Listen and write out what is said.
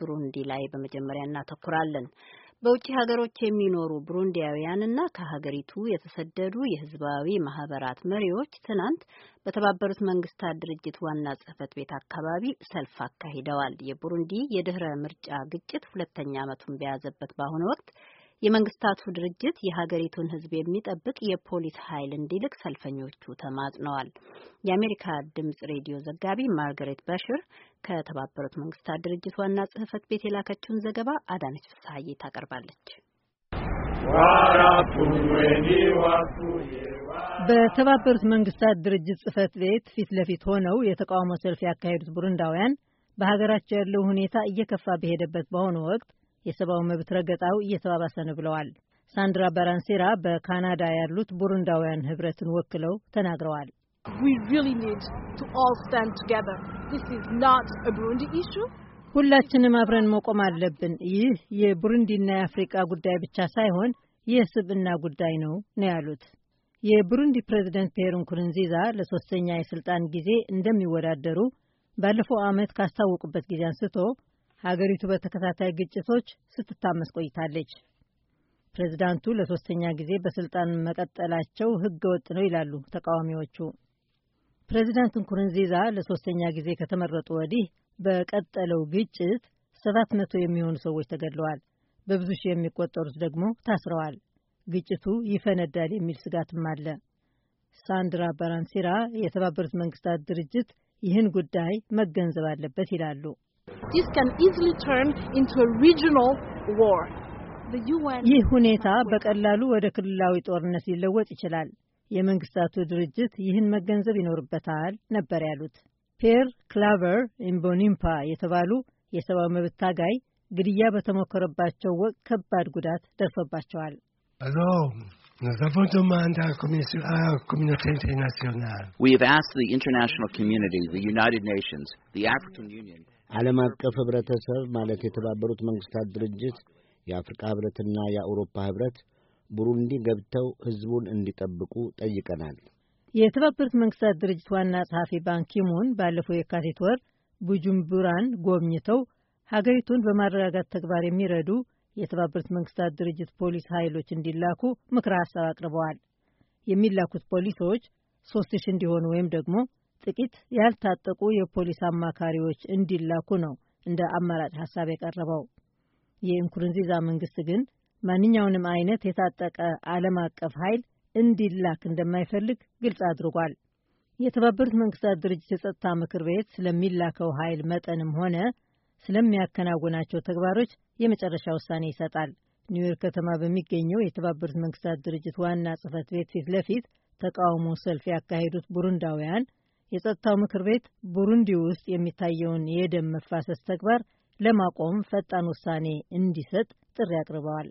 ብሩንዲ ላይ በመጀመሪያ እናተኩራለን። በውጭ ሀገሮች የሚኖሩ ብሩንዲያውያንና ከሀገሪቱ የተሰደዱ የህዝባዊ ማህበራት መሪዎች ትናንት በተባበሩት መንግስታት ድርጅት ዋና ጽህፈት ቤት አካባቢ ሰልፍ አካሂደዋል። የቡሩንዲ የድህረ ምርጫ ግጭት ሁለተኛ ዓመቱን በያዘበት በአሁኑ ወቅት የመንግስታቱ ድርጅት የሀገሪቱን ሕዝብ የሚጠብቅ የፖሊስ ኃይል እንዲልክ ሰልፈኞቹ ተማጽነዋል። የአሜሪካ ድምጽ ሬዲዮ ዘጋቢ ማርገሬት በሽር ከተባበሩት መንግስታት ድርጅት ዋና ጽህፈት ቤት የላከችውን ዘገባ አዳነች ፍስሀዬ ታቀርባለች። በተባበሩት መንግስታት ድርጅት ጽህፈት ቤት ፊት ለፊት ሆነው የተቃውሞ ሰልፍ ያካሄዱት ቡሩንዳውያን በሀገራቸው ያለው ሁኔታ እየከፋ በሄደበት በአሁኑ ወቅት የሰብአዊ መብት ረገጣው እየተባባሰ ነው ብለዋል። ሳንድራ ባራንሴራ በካናዳ ያሉት ቡሩንዳውያን ህብረትን ወክለው ተናግረዋል። ሁላችንም አብረን መቆም አለብን። ይህ የቡሩንዲና የአፍሪቃ ጉዳይ ብቻ ሳይሆን የስብና ጉዳይ ነው ነው ያሉት። የቡሩንዲ ፕሬዚደንት ፒየር ንኩርንዚዛ ለሶስተኛ የስልጣን ጊዜ እንደሚወዳደሩ ባለፈው ዓመት ካስታወቁበት ጊዜ አንስቶ ሀገሪቱ በተከታታይ ግጭቶች ስትታመስ ቆይታለች። ፕሬዚዳንቱ ለሶስተኛ ጊዜ በስልጣን መቀጠላቸው ህገ ወጥ ነው ይላሉ ተቃዋሚዎቹ። ፕሬዚዳንት ንኩሩንዚዛ ለሶስተኛ ጊዜ ከተመረጡ ወዲህ በቀጠለው ግጭት ሰባት መቶ የሚሆኑ ሰዎች ተገድለዋል፣ በብዙ ሺህ የሚቆጠሩት ደግሞ ታስረዋል። ግጭቱ ይፈነዳል የሚል ስጋትም አለ። ሳንድራ ባራንሲራ የተባበሩት መንግስታት ድርጅት ይህን ጉዳይ መገንዘብ አለበት ይላሉ። this can easily turn into a regional war. ይህ ሁኔታ በቀላሉ ወደ ክልላዊ ጦርነት ሊለወጥ ይችላል። የመንግስታቱ ድርጅት ይህን መገንዘብ ይኖርበታል ነበር ያሉት ፔር ክላቨር ኢምቦኒምፓ የተባሉ የሰብአዊ መብት ታጋይ ግድያ በተሞከረባቸው ወቅት ከባድ ጉዳት ደርሶባቸዋል። We have asked the international community, the United Nations, the African Union ዓለም አቀፍ ኅብረተሰብ ማለት የተባበሩት መንግሥታት ድርጅት፣ የአፍሪካ ኅብረትና የአውሮፓ ኅብረት ቡሩንዲ ገብተው ሕዝቡን እንዲጠብቁ ጠይቀናል። የተባበሩት መንግሥታት ድርጅት ዋና ጸሐፊ ባንኪሙን ባለፈው የካቲት ወር ቡጁምቡራን ጎብኝተው ሀገሪቱን በማረጋጋት ተግባር የሚረዱ የተባበሩት መንግሥታት ድርጅት ፖሊስ ኃይሎች እንዲላኩ ምክረ ሐሳብ አቅርበዋል። የሚላኩት ፖሊሶች ሦስት ሺህ እንዲሆኑ ወይም ደግሞ ጥቂት ያልታጠቁ የፖሊስ አማካሪዎች እንዲላኩ ነው እንደ አማራጭ ሀሳብ የቀረበው። የኢንኩሩንዚዛ መንግስት ግን ማንኛውንም አይነት የታጠቀ ዓለም አቀፍ ኃይል እንዲላክ እንደማይፈልግ ግልጽ አድርጓል። የተባበሩት መንግስታት ድርጅት የጸጥታ ምክር ቤት ስለሚላከው ኃይል መጠንም ሆነ ስለሚያከናውናቸው ተግባሮች የመጨረሻ ውሳኔ ይሰጣል። ኒውዮርክ ከተማ በሚገኘው የተባበሩት መንግስታት ድርጅት ዋና ጽህፈት ቤት ፊት ለፊት ተቃውሞ ሰልፍ ያካሄዱት ቡሩንዳውያን የጸጥታው ምክር ቤት ቡሩንዲ ውስጥ የሚታየውን የደም መፋሰስ ተግባር ለማቆም ፈጣን ውሳኔ እንዲሰጥ ጥሪ አቅርበዋል።